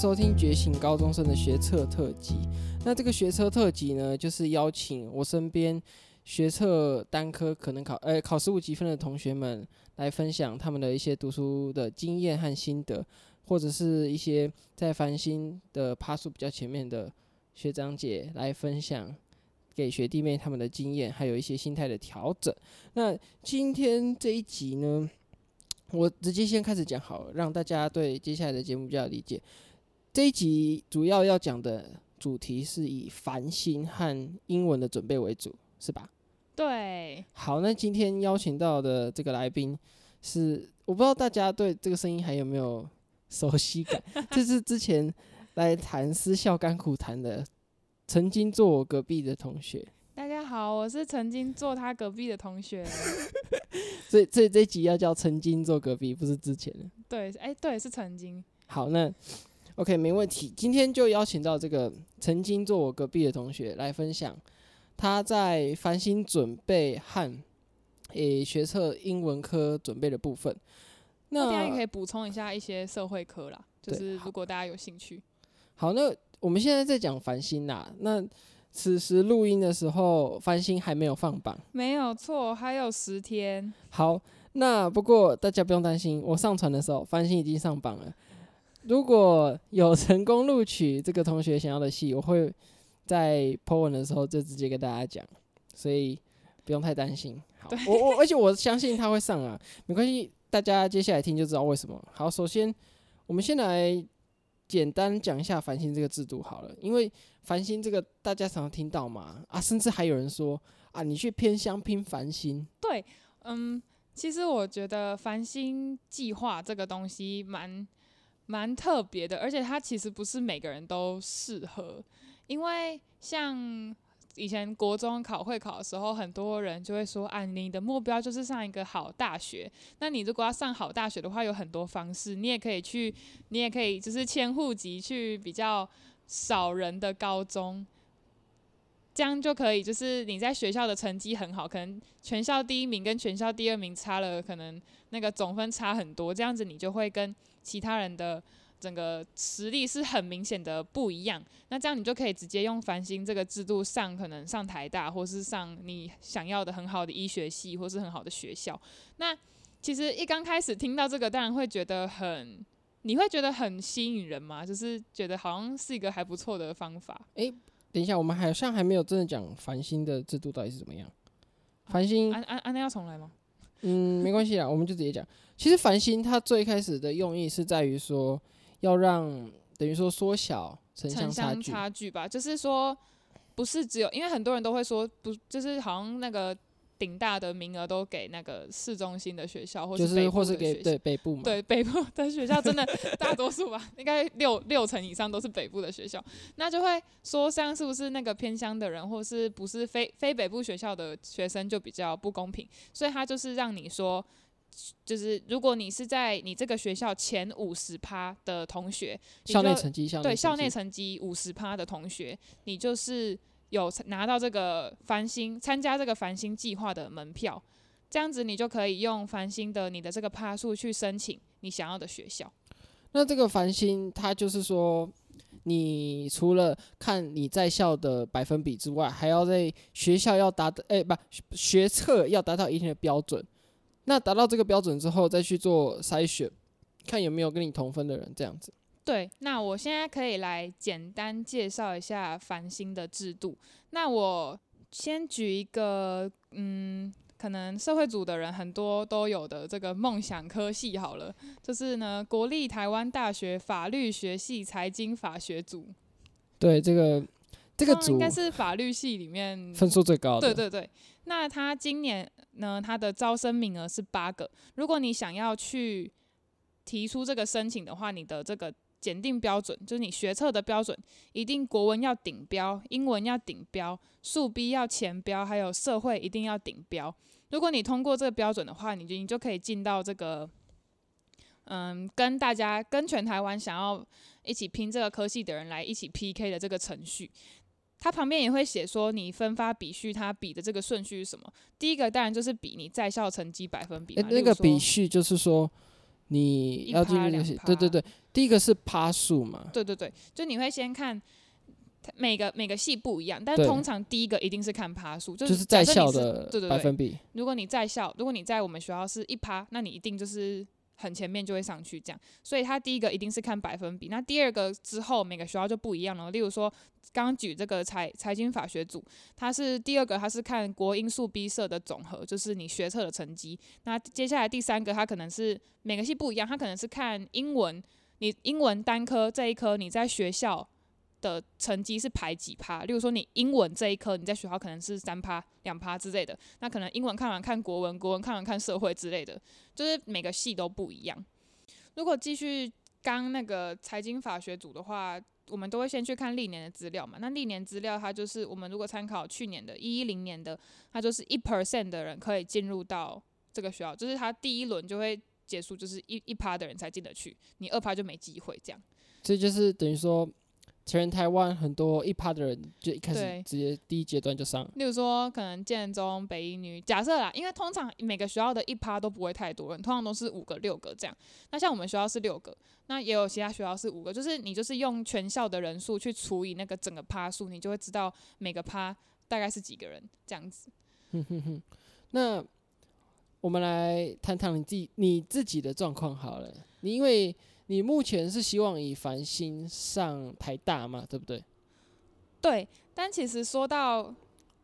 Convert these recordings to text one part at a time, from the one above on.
收聽《覺醒高中生的學測特輯》，那這個學測特輯呢，就是邀請我身邊學測單科可能考誒、欸、考十五級分的同學們來分享他們的一些讀書的經驗和心得，或者是一些在繁星的趴數比較前面的學長姐來分享給學弟妹他們的經驗，還有一些心態的調整。那今天這一集呢，我直接先開始講，好了，讓大家對接下來的節目比較理解。這一集主要要講的主題是以繁星和英文的準備為主，是吧？對。好，那今天邀請到的這個來賓是，我不知道大家對這個聲音還有沒有熟悉感， 這是之前來談《私校甘苦談》的，曾經坐我隔壁的同學。大家好，我是曾經坐他隔壁的同學。 所以所以這這這集要叫“曾經坐隔壁”，不是之前的。對，哎、欸，對，是曾經。好，那。OK，沒問題。今天就邀請到這個曾經坐我隔壁的同學來分享他在繁星準備和誒學測英文科準備的部分。那他也可以補充一下一些社會科啦，就是如果大家有興趣。好，那我們現在在講繁星啦。那此時錄音的時候，繁星還沒有放榜。沒有錯，還有十天。好，那不過大家不用擔心，我上傳的時候繁星已經上榜了。如果有成功錄取這個同學想要的戲，我會在 po 文的時候就直接跟大家講，所以不用太擔心。好，對我，我而且我相信他會上啊，沒關係，大家接下來聽就知道為什麼。好，首先我們先來簡單講一下繁星這個制度好了，因為繁星這個大家常常聽到嘛，啊，甚至還有人說啊，你去偏鄉拼繁星。對，嗯，其實我覺得繁星計畫這個東西蠻。蠻特別的，而且它其實不是每個人都適合，因為像以前國中考會考的時候，很多人就會說：“啊，你的目標就是上一個好大學。”那你如果要上好大學的話，有很多方式，你也可以去，你也可以就是遷戶籍去比較少人的高中，這樣就可以，就是你在學校的成績很好，可能全校第一名跟全校第二名差了，可能那個總分差很多，這樣子你就會跟。其他人的整個實力是很明顯的不一樣，那這樣你就可以直接用繁星這個制度上，可能上台大或是上你想要的很好的醫學系，或是很好的學校。那其實一剛開始聽到這個，當然會覺得很，你會覺得很吸引人嗎？就是覺得好像是一個還不錯的方法。哎、欸，等一下，我們好像還沒有真的講繁星的制度到底是怎麼樣。繁星、啊，安安安，那要重來嗎？嗯，沒關係啦，我們就直接講。其實繁星它最開始的用意是在於說，要讓等於說縮小城鄉差，差距吧，就是說，不是只有，因為很多人都會說不，就是好像那個。頂大的名額都給那個市中心的學校，或是、就是、或是給對北部嘛？對北部，但學校真的大多數吧， 應該六六成以上都是北部的學校。那就會說，像是不是那個偏鄉的人，或是不是非非北部學校的學生就比較不公平。所以他就是讓你說，就是如果你是在你這個學校前五十趴的同學，校內成績對校內成績五十趴的同學，你就是。有拿到這個繁星參加這個繁星計劃的門票，這樣子你就可以用繁星的你的這個趴數去申請你想要的學校。那這個繁星，它就是說，你除了看你在校的百分比之外，還要在學校要達，哎、欸，不，學測要達到一定的標準。那達到這個標準之後，再去做篩選，看有沒有跟你同分的人，這樣子。對，那我現在可以來簡單介紹一下繁星的制度。那我先舉一個，嗯，可能社會組的人很多都有的這個夢想科系好了，就是呢，國立台灣大學法律學系財經法學組。對，這個這個組，哦，應該是法律系裡面分數最高的。對對對，那他今年呢，他的招生名額是八個。如果你想要去提出這個申請的話，你的這個。檢定標準就是你學測的標準，一定國文要頂標，英文要頂標，數 B 要前標，還有社會一定要頂標。如果你通過這個標準的話，你就你就可以進到這個，嗯，跟大家跟全台灣想要一起拼這個科系的人來一起 PK 的這個程序。他旁邊也會寫說，你分發比序，他比的這個順序是什麼？第一個當然就是比你在校成績百分比。哎、欸，那個比序就是說。你要經歷東西，對對對，對對對，第一個是趴數嘛，對對對，就你會先看他每個每個系不一樣，但通常第一個一定是看趴數，就是在校的百分比對對對。如果你在校，如果你在我們學校是一趴，那你一定就是。很前面就會上去，這樣，所以它第一個一定是看百分比。那第二個之後每個學校就不一樣了。例如說，剛剛舉這個財財經法學組，它是第二個，它是看國英數 B 社的總和，就是你學測的成績。那接下來第三個，它可能是每個系不一樣，它可能是看英文，你英文單科這一科你在學校。的成績是排幾趴，例如說你英文這一科，你在學校可能是三趴、兩趴之類的，那可能英文看完看國文，國文看完看社會之類的，就是每個系都不一樣。如果繼續剛那個財經法學組的話，我們都會先去看歷年的資料嘛。那歷年資料它就是我們如果參考去年的，一一零年的，它就是一 percent 的人可以進入到這個學校，就是它第一輪就會結束，就是一一趴的人才進得去，你二趴就沒機會這樣。所以就是等於說。全台灣很多一趴的人就一開始直接第一階段就上了，例如說可能建中、北一女，假設啦，因為通常每個學校的一趴都不會太多人，通常都是五個、六個這樣。那像我們學校是六個，那也有其他學校是五個，就是你就是用全校的人數去除以那個整個趴數，你就會知道每個趴大概是幾個人這樣子。哼哼哼，那我們來談談你自你自己的狀況好了，你因為。你目前是希望以繁星上台大嘛？對不對？對。但其實說到，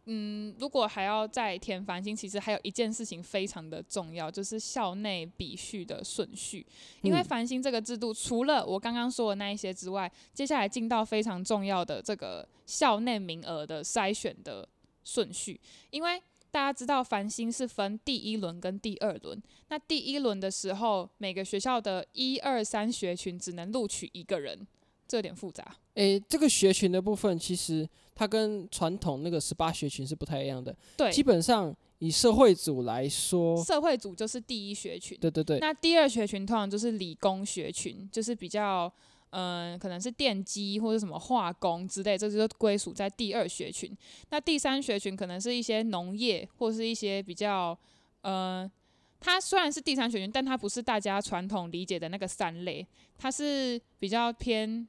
嗯，如果還要再填繁星，其實還有一件事情非常的重要，就是校內比序的順序。因為繁星這個制度，除了我剛剛說的那一些之外，接下來進到非常重要的這個校內名額的篩選的順序，因為大家知道，繁星是分第一輪跟第二輪。那第一輪的時候，每個學校的一二三學群只能錄取一個人，這有點複雜。誒、欸，這個學群的部分，其實它跟傳統那個十八學群是不太一樣的。對，基本上以社會組來說，社會組就是第一學群。對對對。那第二學群通常就是理工學群，就是比較。嗯、呃，可能是電機或者什麼化工之類，這就是歸屬在第二學群。那第三學群可能是一些農業或是一些比較，呃，它雖然是第三學群，但它不是大家傳統理解的那個三類，它是比較偏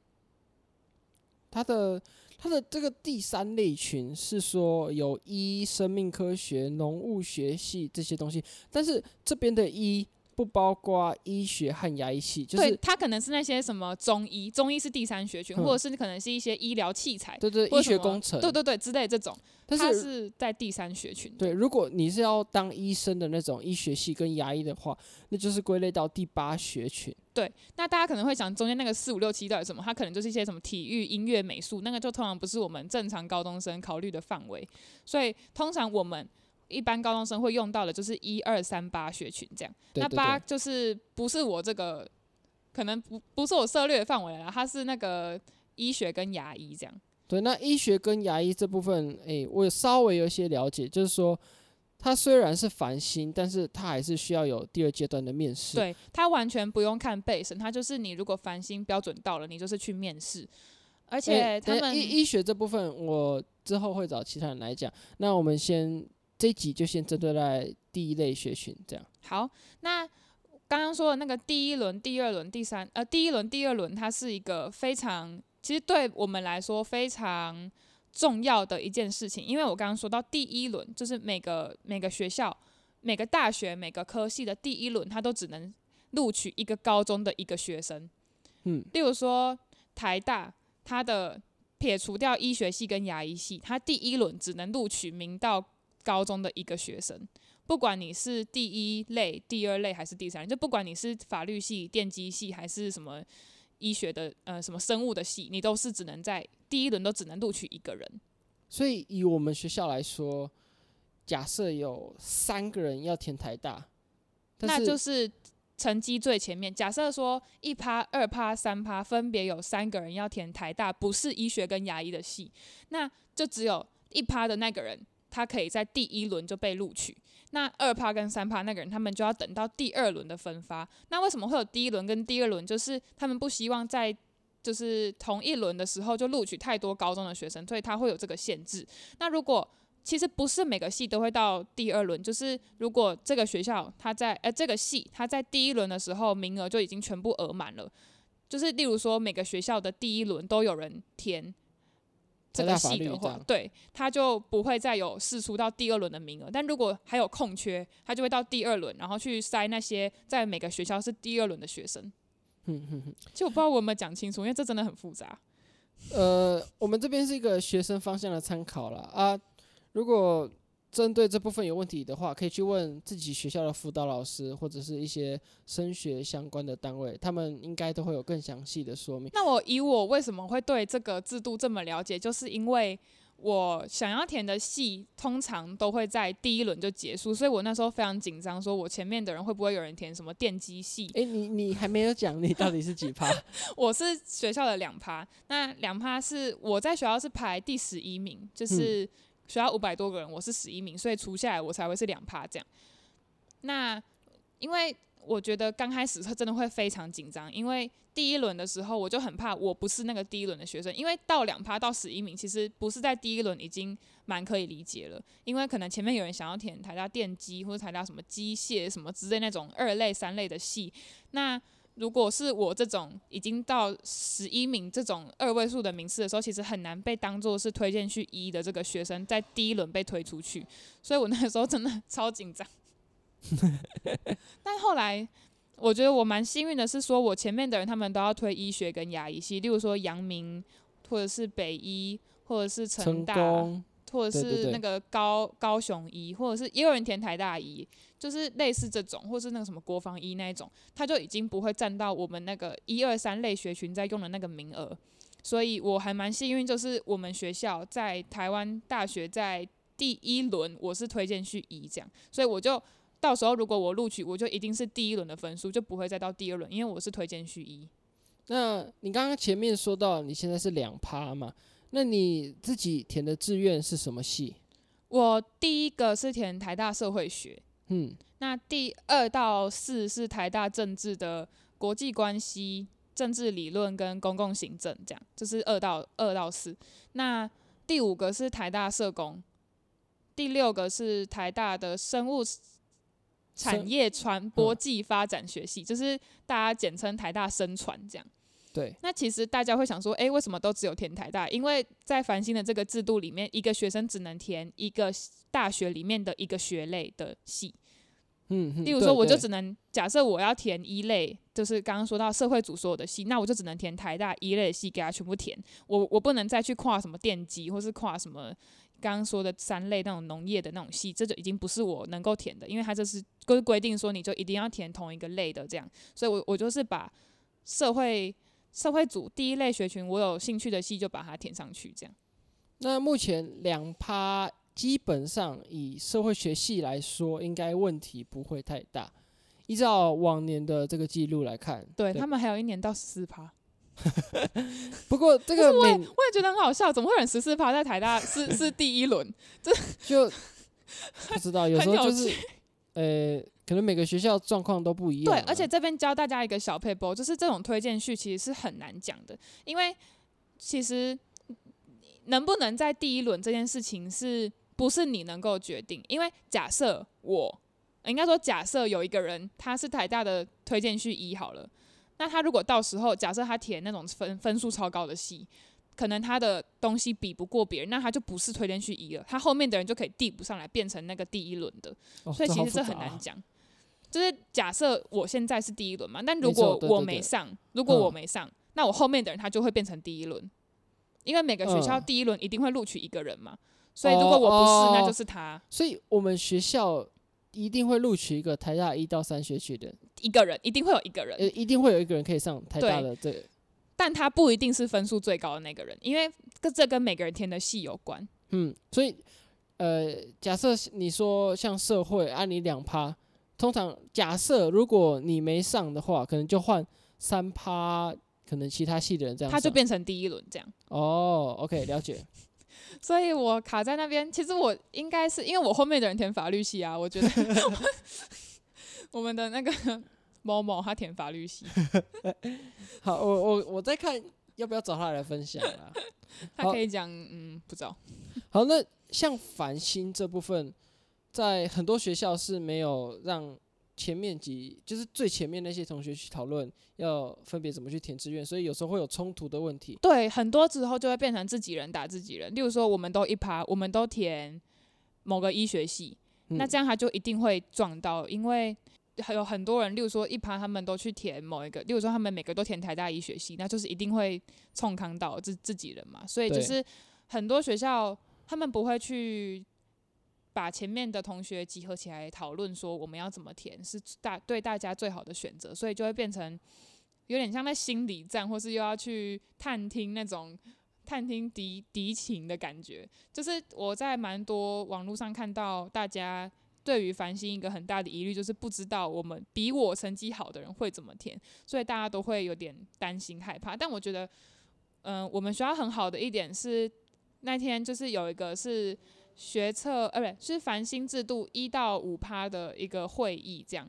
它的它的這個第三類群是說有醫生命科學、農物學系這些東西，但是這邊的醫。不包括醫學和牙醫系，就是對，它可能是那些什麼中醫，中醫是第三學群，或者是可能是一些醫療器材，嗯、對對，醫學工程，對對對之類這種，它是在第三學群。對，如果你是要當醫生的那種醫學系跟牙醫的話，那就是歸類到第八學群。對，那大家可能會想中間那個四五六七到底什麼？它可能就是一些什麼體育、音樂、美術，那個就通常不是我們正常高中生考慮的範圍，所以通常我們。一般高中生會用到的就是一二三八學群這樣，對對對，那八就是不是我這個可能不不是我涉獵的範圍了，它是那個醫學跟牙醫這樣。對，那醫學跟牙醫這部分，誒、欸，我稍微有些了解，就是說它雖然是繁星，但是它還是需要有第二階段的面試。對，它完全不用看備審，它就是你如果繁星標準到了，你就是去面試。而且他們醫、欸、醫學這部分，我之後會找其他人來講。那我們先。這一集就先針對在第一類學群這樣。好，那剛剛說的那個第一輪、第二輪、第三，呃，第一輪、第二輪，它是一個非常，其實對我們來說非常重要的一件事情。因為我剛剛說到第一輪，就是每個每個學校、每個大學、每個科系的第一輪，它都只能錄取一個高中的一個學生。嗯，例如說台大，它的撇除掉醫學系跟牙醫系，它第一輪只能錄取名到，高中的一個學生，不管你是第一類、第二類還是第三類，就不管你是法律系、電機系還是什麼醫學的、呃什麼生物的系，你都是只能在第一輪都只能錄取一個人。所以以我們學校來說，假設有三個人要填台大，那就是成績最前面。假設說一趴、二趴、三趴分別有三個人要填台大，不是醫學跟牙醫的系，那就只有一趴的那個人。他可以在第一輪就被錄取，那二趴跟三趴那個人，他們就要等到第二輪的分發。那為什麼會有第一輪跟第二輪？就是他們不希望在就是同一輪的時候就錄取太多高中的學生，所以他會有這個限制。那如果其實不是每個系都會到第二輪，就是如果這個學校他在呃這個系他在第一輪的時候名額就已經全部額滿了，就是例如說每個學校的第一輪都有人填。這，這個系的話，對，他就不會再有釋出，到第二輪的名額。但如果還有空缺，他就會到第二輪，然後去篩那些在每個學校是第二輪的學生。哼哼哼，就我不知道我有沒有講清楚，因為這真的很複雜 。呃，我們這邊是一個學生方向的參考了啊。如果針對這部分有問題的話，可以去問自己學校的輔導老師，或者是一些升學相關的單位，他們應該都會有更詳細的說明。那我以我為什麼會對這個制度這麼了解，就是因為我想要填的系通常都會在第一輪就結束，所以我那時候非常緊張，說我前面的人會不會有人填什麼電機系？誒、欸，你你還沒有講你到底是幾趴？ 我是學校的兩趴，那兩趴是我在學校是排第十一名，就是、嗯。要5五百多個人，我是十一名，所以除下來我才會是兩趴這樣。那因為我覺得剛開始的真的會非常緊張，因為第一輪的時候我就很怕我不是那個第一輪的學生，因為到兩趴到十一名，其實不是在第一輪已經蠻可以理解了，因為可能前面有人想要填台大，料電機或者台，料什麼機械什麼之類那種二類三類的系，那。如果是我這種已經到十一名這種二位數的名次的時候，其實很難被當做是推薦去醫的這個學生，在第一輪被推出去，所以我那個時候真的超緊張。 但後來我覺得我蠻幸運的，是說我前面的人他們都要推醫學跟牙醫系，例如說陽明，或者是北醫，或者是成大，或者是那個高高雄醫，或者是也有人填台大醫。就是類似這種，或是那個什麼國防醫那種，他就已經不會占到我們那個一二三類學群在用的那個名額，所以我還蠻幸運，就是我們學校在台灣大學在第一輪我是推薦序一這樣，所以我就到時候如果我錄取，我就一定是第一輪的分數，就不會再到第二輪，因為我是推薦序一。那你剛剛前面說到你現在是兩趴嘛？那你自己填的志願是什麼系？我第一個是填台大社會學。嗯，那第二到四是台大政治的國際關係、政治理論跟公共行政這樣，就是二到二到四。那第五個是台大社工，第六個是台大的生物產業傳播暨發展學系，就是大家簡稱台大生傳這樣。對，那其實大家會想說，誒，為什麼都只有填台大？因為在繁星的這個制度裡面，一個學生只能填一個大學裡面的一個學類的系。嗯，嗯，例如說，我就只能，對對，假設我要填一類，就是剛剛說到社會組所有的系，那我就只能填台大一類的系，給它全部填。我我不能再去跨什麼電機，或是跨什麼剛剛說的三類那種農業的那種系，這就已經不是我能夠填的，因為它這是規規定說你就一定要填同一個類的這樣，所以我我就是把社會社會組第一類學群，我有興趣的系就把它填上去，這樣。那目前兩趴基本上以社會學系來說，應該問題不會太大。依照往年的這個記錄來看，對，對他們還有一年到十四趴。 不過這個，我我也覺得很好笑，怎麼會有人十四趴在台大？是 是第一輪，這就不知道，有時候就是，呃。誒可能每個學校狀況都不一樣。對，而且這邊教大家一個小撇步，就是這種推薦序其實是很難講的，因為其實能不能在第一輪這件事情是不是你能夠決定？因為假設我應該說，假設有一個人他是台大的推薦序一好了，那他如果到時候假設他填那種分分數超高的系，可能他的東西比不過別人，那他就不是推薦序一了，他後面的人就可以遞補上來，變成那個第一輪的、哦，所以其實這很難講。哦就是假設我現在是第一輪嘛，但如果我沒上，如果我沒上，那我後面的人他就會變成第一輪，因為每個學校第一輪一定會錄取一個人嘛，所以如果我不是，那就是他。所以我們學校一定會錄取一個台大一到三學區的一個人，一定會有一個人，呃，一定會有一個人可以上台大的這個，但他不一定是分數最高的那個人，因為這跟每個人填的系有關。嗯，所以呃，假設你說像社會按、啊、你兩趴。通常假設，如果你沒上的話，可能就換三趴，可能其他系的人這樣。他就變成第一輪這樣。哦、oh，OK，了解。所以我卡在那邊，其實我應該是因為我後面的人填法律系啊，我覺得我， 我們的那個某某他填法律系。 好，我我我在看要不要找他來分享啊。他可以講，嗯，不知道。好，那像繁星這部分，在很多學校是沒有讓前面幾，就是最前面那些同學去討論要分別怎麼去填志願，所以有時候會有衝突的問題。對，很多時候就會變成自己人打自己人。例如說，我們都一趴，我們都填某個醫學系，嗯、那這樣他就一定會撞到，因為還有很多人，例如說一趴他們都去填某一個，例如說他們每個都填台大醫學系，那就是一定會衝康到自自己人嘛。所以就是很多學校他們不會去。把前面的同學集合起來討論，說我們要怎麼填是大對大家最好的選擇，所以就會變成有點像在心理戰，或是又要去探聽那種探聽敵敵情的感覺。就是我在蠻多網絡上看到大家對於繁星一個很大的疑慮，就是不知道我們比我成績好的人會怎麼填，所以大家都會有點擔心害怕。但我覺得，嗯、呃，我們學校很好的一點是那天就是有一個是。學測呃不對，就是繁星制度一到五趴的一個會議這樣，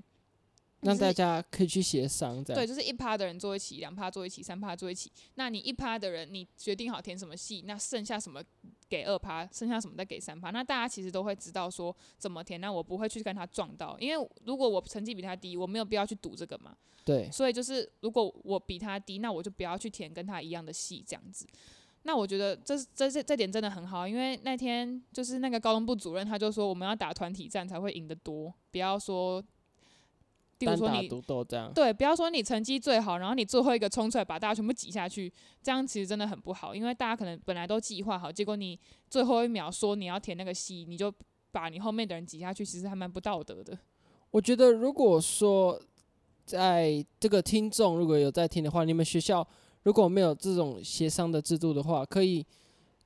讓大家可以去協商這樣。對，就是一趴的人坐一起，兩趴坐一起，三趴坐一起。那你一趴的人，你決定好填什麼系，那剩下什麼給二趴，剩下什麼再給三趴。那大家其實都會知道說怎麼填，那我不會去跟他撞到，因為如果我成績比他低，我沒有必要去賭這個嘛。對。所以就是如果我比他低，那我就不要去填跟他一樣的系這樣子。那我覺得這這這這點真的很好，因為那天就是那個高中部主任他就說，我們要打團體戰才會贏得多，不要說，比如說你單打獨鬥這樣，對，不要說你成績最好，然後你最後一個衝出來把大家全部擠下去，這樣其實真的很不好，因為大家可能本來都計劃好，結果你最後一秒說你要填那個系，你就把你後面的人擠下去，其實還蠻不道德的。我覺得如果說在這個聽眾如果有在聽的話，你們學校。如果沒有這種協商的制度的話，可以，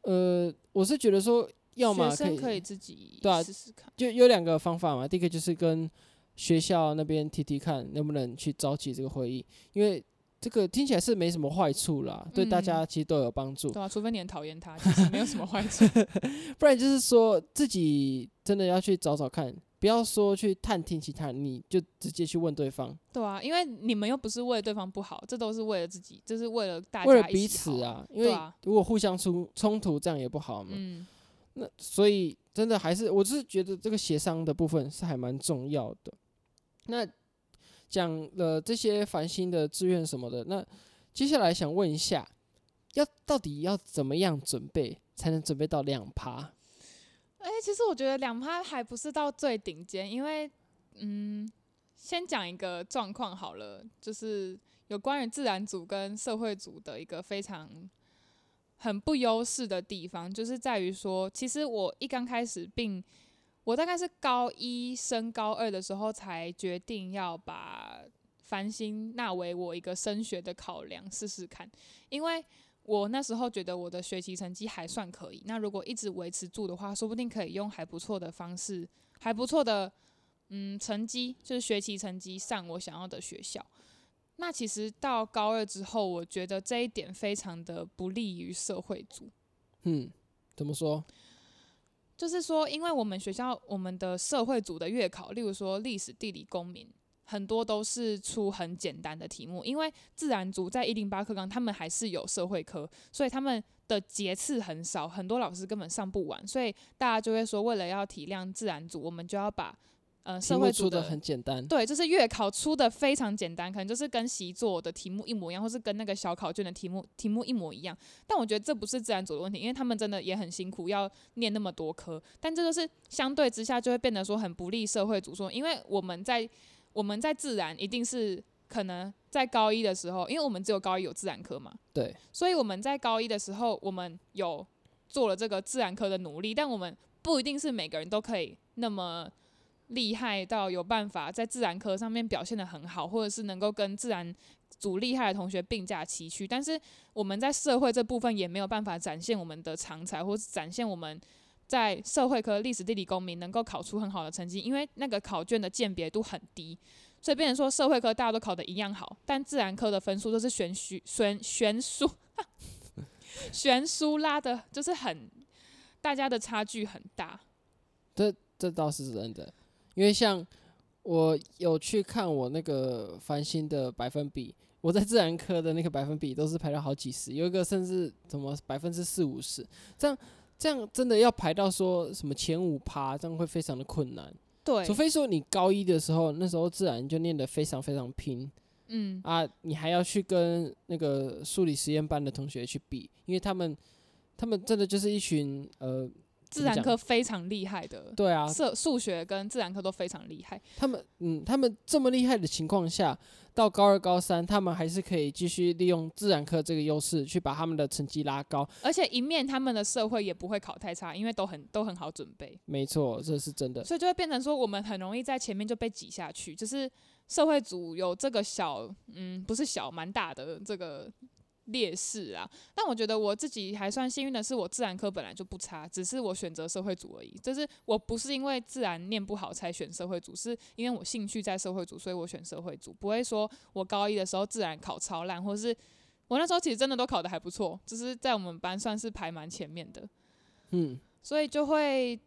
呃，我是覺得說要嘛，要麼可，可以，對啊，自己試試看，就有兩個方法嘛。第一個就是跟學校那邊提提看，能不能去召集這個會議，因為。這個聽起來是沒什麼壞處啦，對大家其實都有幫助，嗯。對啊，除非你很討厭他，其實沒有什麼壞處。 不然就是說，自己真的要去找找看，不要說去探聽其他人，你就直接去問對方。對啊，因為你們又不是為了對方不好，這都是為了自己，這，就是為了大家。為了彼此啊，對啊，因為如果互相衝衝突，這樣也不好嘛。嗯。那所以真的還是，我就是覺得這個協商的部分是還蠻重要的。那。講了這些繁星的志願什麼的，那接下來想問一下，要到底要怎麼樣準備才能準備到兩趴？哎、欸，其實我覺得兩趴還不是到最頂尖，因為嗯，先講一個狀況好了，就是有關於自然組跟社會組的一個非常很不優勢的地方，就是在於說，其實我一剛開始並。我大概是高一升高二的時候，才決定要把繁星納為我一個升學的考量，試試看。因為我那時候覺得我的學習成績還算可以，那如果一直維持住的話，說不定可以用還不錯的方式，還不錯的嗯成績，就是學習成績上我想要的學校。那其實到高二之後，我覺得這一點非常的不利於社會組。嗯，怎麼說？就是說，因為我們學校我們的社會組的月考，例如說歷史、地理、公民，很多都是出很簡單的題目。因為自然組在一零八課綱，他們還是有社會科，所以他們的節次很少，很多老師根本上不完，所以大家就會說，為了要體諒自然組，我們就要把。呃，社會組的出的很簡單，對，就是月考出的非常簡單，可能就是跟習作的題目一模一樣，或是跟那個小考卷的題目題目一模一樣。但我覺得這不是自然組的問題，因為他們真的也很辛苦，要念那麼多科。但這個是相對之下就會變得說很不利社會組說，說因為我們在，我們在自然一定是可能在高一的時候，因為我們只有高一有自然科嘛，對。所以我們在高一的時候，我們有做了這個自然科的努力，但我們不一定是每個人都可以那麼。厲害到有辦法在自然科上面表現得很好，或者是能夠跟自然組厲害的同學並駕齊驅，但是我們在社會這部分也沒有辦法展現我們的長才，或是展現我們在社會科、歷史、地理、公民能夠考出很好的成績，因為那個考卷的鑑別度很低，所以變成說社會科大家都考得一樣好，但自然科的分數都是懸殊、懸懸殊、懸殊，殊拉的，就是很，大家的差距很大。這這倒是真的。因為像我有去看我那個繁星的百分比，我在自然科的那個百分比都是排到好幾十，有一個甚至什麼百分之四五十，這樣這樣真的要排到說什麼前五趴，這樣會非常的困難。對，除非說你高一的時候，那時候自然就念得非常非常拼，嗯，啊，你還要去跟那個數理實驗班的同學去比，因為他們他們真的就是一群呃。自然科非常厲害的，對啊，這數學跟自然科都非常厲害。他們，嗯，他們這麼厲害的情況下，到高二、高三，他們還是可以繼續利用自然科這個優勢，去把他們的成績拉高。而且一面他們的社會也不會考太差，因為都很都很好準備。沒錯，這是真的。所以就會變成說，我們很容易在前面就被擠下去，就是社會組有這個小，嗯，不是小，蠻大的這個。劣勢啊，但我覺得我自己還算幸運的是，我自然科本來就不差，只是我選擇社會組而已。就是我不是因為自然念不好才選社會組，是因為我興趣在社會組，所以我選社會組。不會說我高一的時候自然考超爛，或是我那時候其實真的都考得還不錯，只是在我們班算是排蠻前面的。嗯，所以就會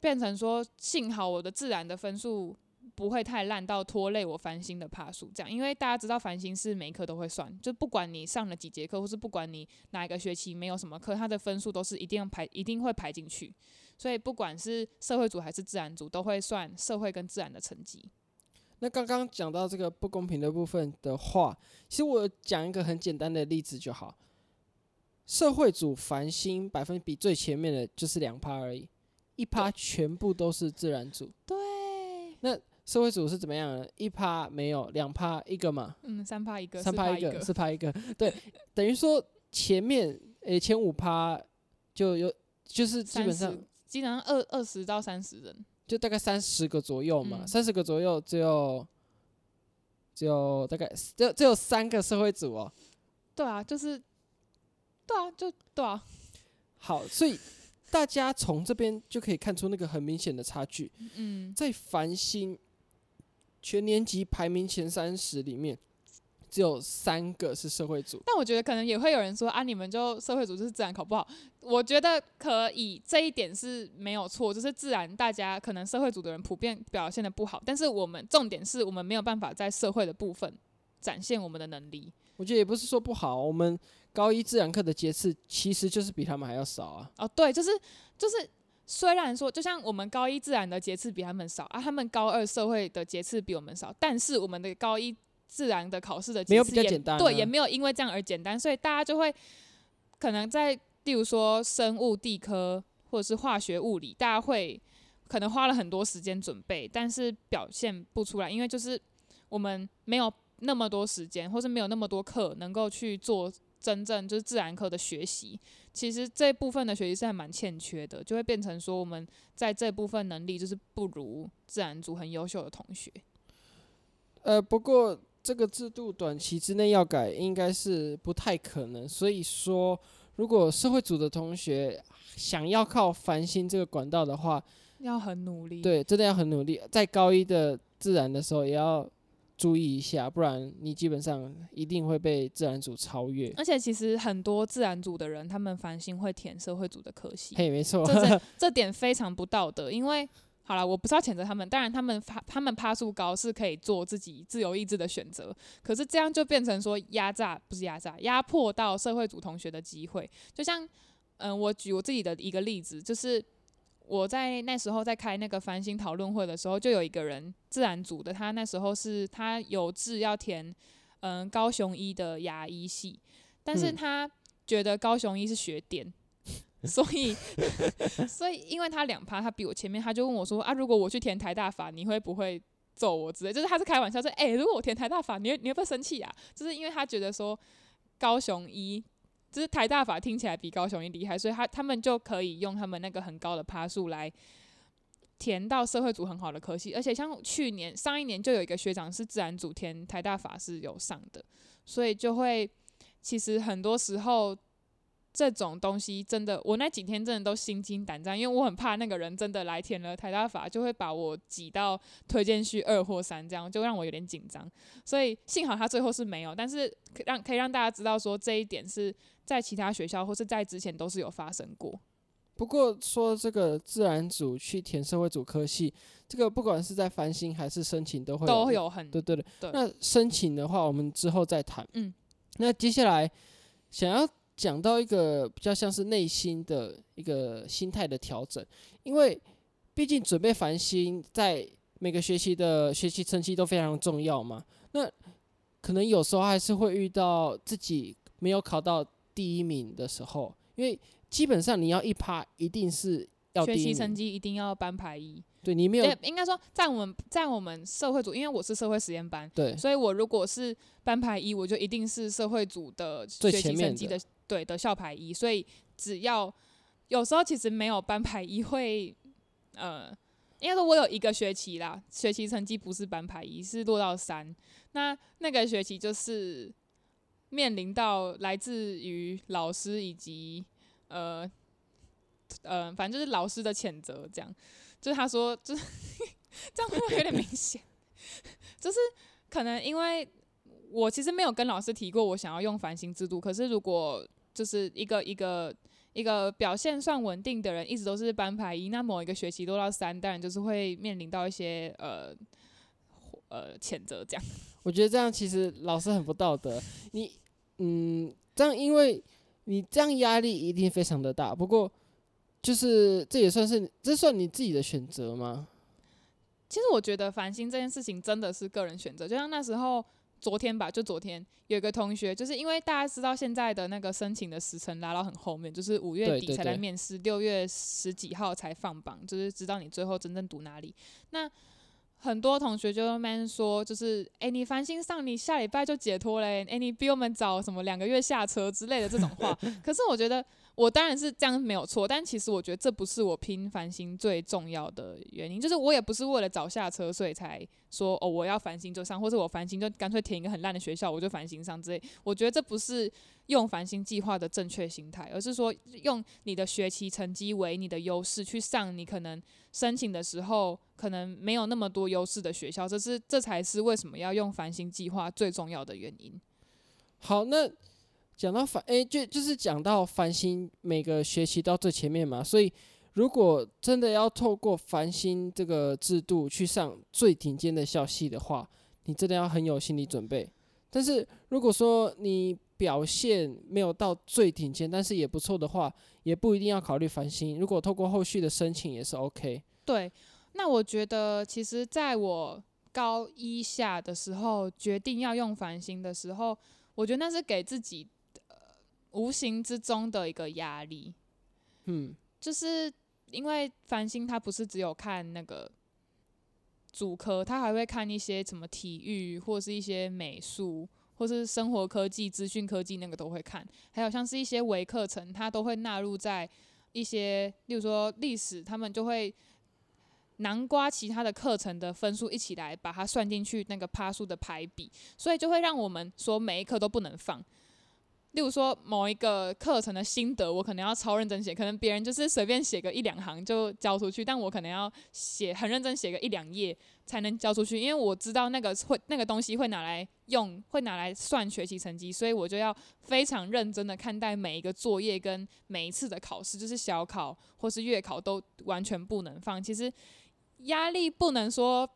變成說，幸好我的自然的分數。不會太爛到拖累我繁星的趴數，這樣，因為大家知道繁星是每一科都會算，就不管你上了幾節課，或是不管你哪一個學期沒有什麼課，他的分數都是一定要排，一定會排進去。所以不管是社會組還是自然組，都會算社會跟自然的成績。那剛剛講到這個不公平的部分的話，其實我講一個很簡單的例子就好，社會組繁星百分比最前面的就是兩趴而已，一趴全部都是自然組，對，那，社會組是怎麼樣的？一趴沒有，兩趴一個嘛。嗯，三趴一個，三趴一個，四趴一個。 對，等於說前面，欸，前五趴就有，就是基本上，基本上二二十到三十人，就大概三十個左右嘛。嗯。三十個左右只有，只有大概只有只有三個社會組哦。對啊，就是，對啊，就對啊。好，所以大家從這邊就可以看出那個很明顯的差距。嗯，在繁星。全年級排名前三十裡面，只有三個是社會組。但我覺得可能也會有人說啊，你們就社會組就是自然考不好。我覺得可以，這一點是沒有錯，就是自然大家可能社會組的人普遍表現得不好。但是我們重點是我們沒有辦法在社會的部分展現我們的能力。我覺得也不是說不好，我們高一自然課的節次其實就是比他們還要少啊。哦，對，就是就是。雖然說，就像我們高一自然的節次比他們少啊，他們高二社會的節次比我們少，但是我們的高一自然的考試的節次也沒有比較簡單、啊、對，也沒有因為這樣而簡單，所以大家就會可能在，例如說生物、地科或者是化學、物理，大家會可能花了很多時間準備，但是表現不出來，因為就是我們沒有那麼多時間，或是沒有那麼多課能夠去做。真正就是自然科的學習，其實這部分的學習是還蠻欠缺的，就會變成說我們在這部分能力就是不如自然組很優秀的同學。呃，不過這個制度短期之內要改應該是不太可能，所以說如果社會組的同學想要靠繁星這個管道的話，要很努力。對，真的要很努力，在高一的自然的時候也要。注意一下，不然你基本上一定會被自然組超越。而且其實很多自然組的人，他們繁星會填社會組的科系。嘿，沒錯，這點這,這點非常不道德。因為好啦，我不是要譴責他們，當然他們趴他們趴數高是可以做自己自由意志的選擇。可是這樣就變成說壓榨，不是壓榨，壓迫到社會組同學的機會。就像嗯，我舉我自己的一個例子，就是。我在那時候在開那個繁星討論會的時候，就有一個人自然組的，他那時候是他有志要填，嗯，高雄一的牙醫系，但是他覺得高雄一是學店，嗯、所以 所以因為他兩趴，他比我前面，他就問我說啊，如果我去填台大法，你會不會揍我之類，就是他是開玩笑說，哎，欸，如果我填台大法，你會你會不會生氣啊？就是因為他覺得說高雄一。只是台大法聽起來比高雄一厲害，所以他他們就可以用他們那個很高的趴數來填到社會組很好的科系，而且像去年上一年就有一個學長是自然組填台大法是有上的，所以就會其實很多時候這種東西真的，我那幾天真的都心驚膽戰，因為我很怕那個人真的來填了台大法，就會把我擠到推薦序二或三，這樣就讓我有點緊張，所以幸好他最後是沒有，但是可以讓可以讓大家知道說這一點是。在其他學校或是在之前都是有發生過。不過說這個自然組去填社會組科系，這個不管是在繁星還是申請，都會有都有很多對對對。對。那申請的話，我們之後再談。嗯，那接下來想要講到一個比較像是內心的一個心態的調整，因為畢竟準備繁星在每個學期的學習成績都非常重要嘛。那可能有時候還是會遇到自己沒有考到第一名的時候，因為基本上你要一趴，一定是要學習成績一定要班排一。對，你沒有。應該說，在我們，在我們社會組，因為我是社會實驗班，對，所以我如果是班排一，我就一定是社會組的學習成績的，最前面的對的校排一。所以只要有時候其實沒有班排一，會呃，應該說我有一個學期啦，學習成績不是班排一是落到三，那那個學期就是。面臨到來自於老師以及呃呃，反正就是老師的譴責，這樣，就是他說，就是這樣會不會有點明顯？ 就是可能因為我其實沒有跟老師提過我想要用繁星制度，可是如果就是一個一個一個表現算穩定的人，一直都是班排一，那某一個學期落到三，當然就是會面臨到一些呃呃譴責這樣。我覺得這樣其實老師很不道德，你。嗯，這樣，因為你這樣壓力一定非常的大。不過，就是這也算是這算你自己的選擇嗎？其實我覺得繁星這件事情真的是個人選擇。就像那時候，昨天吧，就昨天有一個同學，就是因為大家知道現在的那個申請的時程拉到很後面，就是五月底才來面試，六月十幾號才放榜，就是知道你最後真正讀哪裡。那很多同學就 man 說，就是哎，欸、你繁星上，你下禮拜就解脫了，欸，哎、欸，你比我們早什麼兩個月下車之類的這種話， 可是我覺得。我當然是這樣沒有錯，但其實我覺得這不是我拼繁星最重要的原因，就是我也不是為了早下車所以才說哦我要繁星就上，或者我繁星就乾脆填一個很爛的學校我就繁星上之類。我覺得這不是用繁星計劃的正確心態，而是說用你的學期成績為你的優勢去上你可能申請的時候可能沒有那麼多優勢的學校，這是這才是為什麼要用繁星計劃最重要的原因。好，那。講到繁誒、欸，就就是講到繁星，每個學期到最前面嘛。所以，如果真的要透過繁星這個制度去上最頂尖的校系的話，你真的要很有心理準備。但是，如果說你表現沒有到最頂尖，但是也不錯的話，也不一定要考慮繁星。如果透過後續的申請也是 OK。對，那我覺得其實在我高一下的時候決定要用繁星的時候，我覺得那是給自己。無形之中的一個壓力，嗯，就是因為繁星他不是只有看那個主科，他還會看一些什麼體育、或是一些美術、或是生活科技、資訊科技，那個都會看，還有像是一些微課程，他都會納入在一些，例如說歷史，他們就會囊括其他的課程的分數一起來把它算進去那個趴數的排比，所以就會讓我們說每一科都不能放，例如說，某一個課程的心得，我可能要超認真寫，可能別人就是隨便寫個一兩行就交出去，但我可能要寫很認真寫個一兩頁才能交出去，因為我知道那個會那個東西會拿來用，會拿來算學習成績，所以我就要非常認真的看待每一個作業跟每一次的考試，就是小考或是月考都完全不能放。其實壓力不能說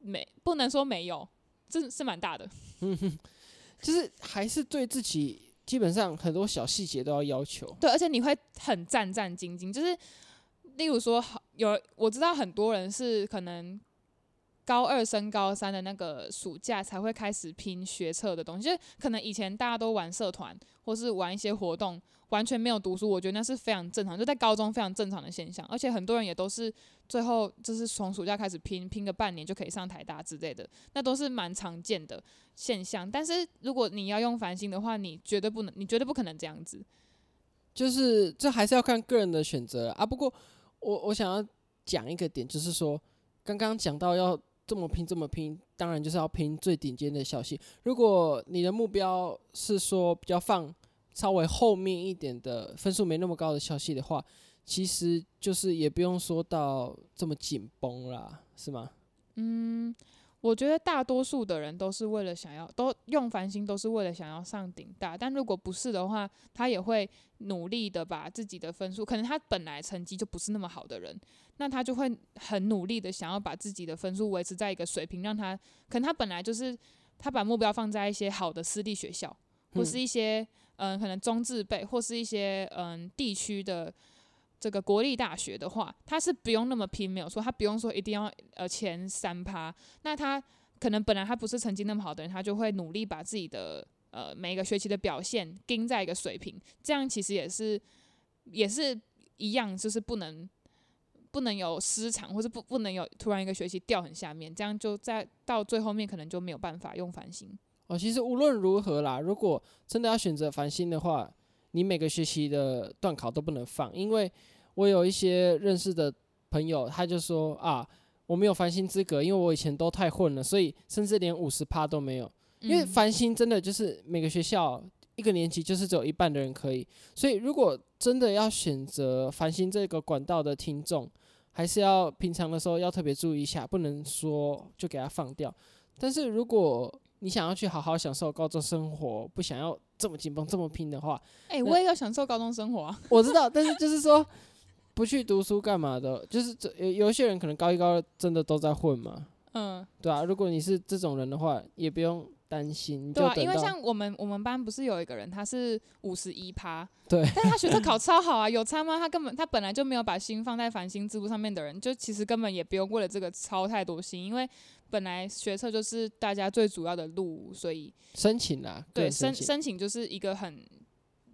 沒，不能說沒有，真是蠻大的。 就是還是對自己。基本上很多小細節都要要求，對，而且你會很戰戰兢兢。就是，例如說，有我知道很多人是可能。高二升高三的那個暑假才會開始拼學測的東西，就可能以前大家都玩社團或是玩一些活動，完全沒有讀書，我覺得那是非常正常，就在高中非常正常的現象。而且很多人也都是最後就是從暑假開始拼，拼個半年就可以上台大之類的，那都是蠻常見的現象。但是如果你要用繁星的話，你絕對不能，你絕對不可能這樣子。就是這還是要看個人的選擇啊。不過我我想要講一個點，就是說剛剛講到要。這麼拼，這麼拼，當然就是要拼最頂尖的校系。如果你的目標是說比較放稍微後面一點的分數沒那麼高的校系的話，其實就是也不用說到這麼緊繃啦，是嗎？嗯。我覺得大多數的人都是為了想要都用繁星，都是為了想要上頂大。但如果不是的話，他也會努力的把自己的分數。可能他本來成績就不是那麼好的人，那他就會很努力的想要把自己的分數維持在一個水平，讓他可能他本來就是他把目標放在一些好的私立學校，或是一些嗯、呃、可能中字輩，或是一些嗯、呃、地區的。這個國立大學的話，他是不用那麼拼，沒有說他不用說一定要呃，前三趴。那他可能本來他不是成績那麼好的人，他就會努力把自己的呃，每一個學期的表現定在一個水平。這樣其實也是也是一樣，就是不能不能有失常，或是不不能有突然一個學期掉很下面，這樣就在到最後面可能就沒有辦法用繁星。哦，其實無論如何啦，如果真的要選擇繁星的話，你每個學期的段考都不能放，因為。我有一些認識的朋友，他就說啊，我沒有繁星資格，因為我以前都太混了，所以甚至連五十趴都沒有。因為繁星真的就是每個學校一個年級就是只有一半的人可以，所以如果真的要選擇繁星這個管道的聽眾，還是要平常的時候要特別注意一下，不能說就給他放掉。但是如果你想要去好好享受高中生活，不想要這麼緊繃、這麼拼的話，誒，我也要享受高中生活。我知道，但是就是說。 不去讀書幹嘛的？就是有有些人可能高一高二真的都在混嘛。嗯，對啊。如果你是這種人的話，也不用擔心。對啊，因為像我們我們班不是有一個人，他是五十一趴，對，但他學測考超好啊， 有差嗎？他根本他本來就沒有把心放在繁星之路上面的人，就其實根本也不用為了這個操太多心，因為本來學測就是大家最主要的路，所以申請啦，對，申請申，申請就是一個很，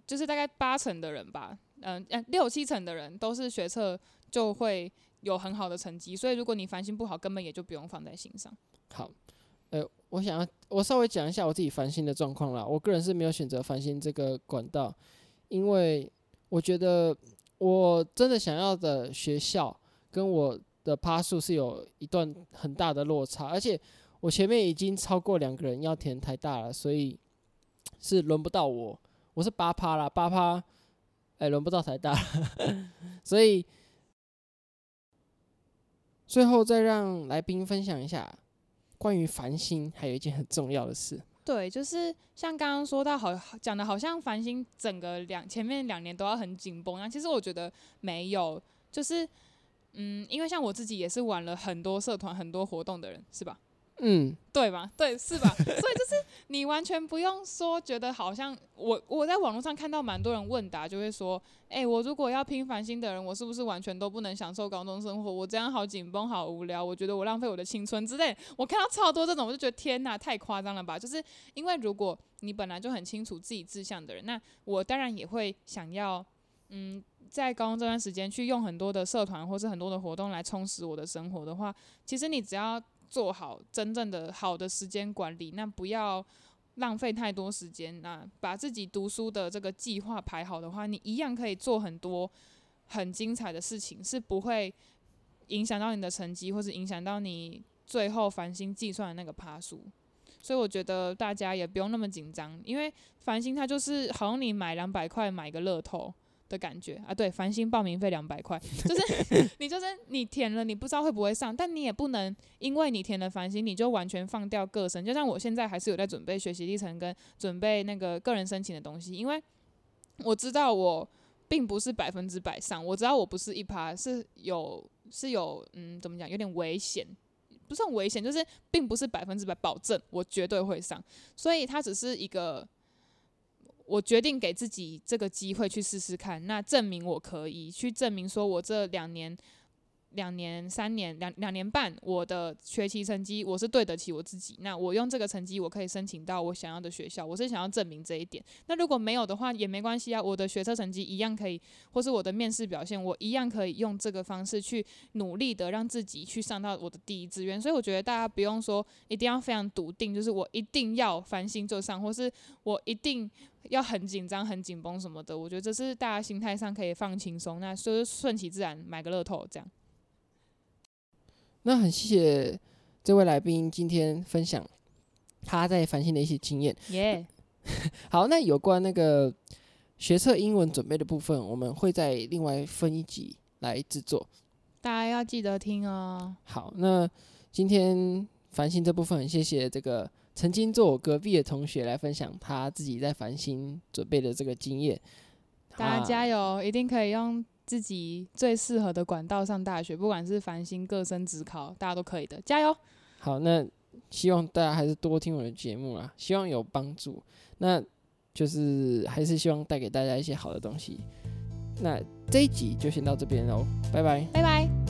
就是大概八成的人吧。嗯，六七成的人都是學測就會有很好的成績，所以如果你繁星不好，根本也就不用放在心上。好，呃，我想要我稍微講一下我自己繁星的狀況啦。我個人是沒有選擇繁星這個管道，因為我覺得我真的想要的學校跟我的趴數是有一段很大的落差，而且我前面已經超過兩個人要填台大了，所以是輪不到我。我是八趴啦，八趴。哎、欸，輪不到台大了， 所以最後再讓來賓分享一下關於繁星還有一件很重要的事，對，就是像剛剛說到，好講的好像繁星整個兩前面兩年都要很緊繃一樣，其實我覺得沒有，就是嗯，因為像我自己也是玩了很多社團、很多活動的人，是吧？嗯，對吧？對，是吧？ 所以就是你完全不用說，覺得好像我我在網絡上看到蠻多人問答，就會說，哎、欸，我如果要拼繁星的人，我是不是完全都不能享受高中生活？我這樣好緊繃，好無聊，我覺得我浪費我的青春之類。我看到超多這種，我就覺得天哪、啊，太誇張了吧？就是因為如果你本來就很清楚自己志向的人，那我當然也會想要，嗯，在高中這段時間去用很多的社團或是很多的活動來充實我的生活的話，其實你只要。做好真正的好的時間管理，那不要浪費太多時間。那把自己讀書的這個計劃排好的話，你一樣可以做很多很精彩的事情，是不會影響到你的成績，或是影響到你最後繁星計算的那個趴數。所以我覺得大家也不用那麼緊張，因為繁星它就是好像你買兩百塊買個樂透的感覺啊，對，繁星報名費兩百塊，就是你就是你填了，你不知道會不會上，但你也不能因為你填了繁星，你就完全放掉個人，就像我現在還是有在準備學習歷程跟準備那個個人申請的東西，因為我知道我並不是百分之百上，我知道我不是一趴，是有是有，嗯，怎麼講，有點危險，不是很危險，就是並不是百分之百保證我絕對會上，所以它只是一個。我決定給自己這個機會去試試看，那證明我可以，去證明說我這兩年。兩年、三年、兩兩年半，我的學習成績，我是對得起我自己。那我用這個成績，我可以申請到我想要的學校。我是想要證明這一點。那如果沒有的話，也沒關係啊。我的學測成績一樣可以，或是我的面試表現，我一樣可以用這個方式去努力的讓自己去上到我的第一志願。所以我覺得大家不用說一定要非常篤定，就是我一定要繁星就上，或是我一定要很緊張、很緊繃什麼的。我覺得這是大家心態上可以放輕鬆，那就是順其自然，買個樂透這樣。那很謝謝這位來賓今天分享他在繁星的一些經驗。耶、yeah. 好,那有關那個學測英文準備的部分，我們會再另外分一集來製作，大家要記得聽哦。好，那今天繁星這部分，謝謝這個曾經坐我隔壁的同學來分享他自己在繁星準備的這個經驗。大家加油、啊，一定可以用自己最適合的管道上大學，不管是繁星、個申、指考，大家都可以的，加油！好，那希望大家還是多聽我的節目啦，希望有幫助。那就是還是希望帶給大家一些好的東西。那這一集就先到這邊嘍，拜拜，拜拜。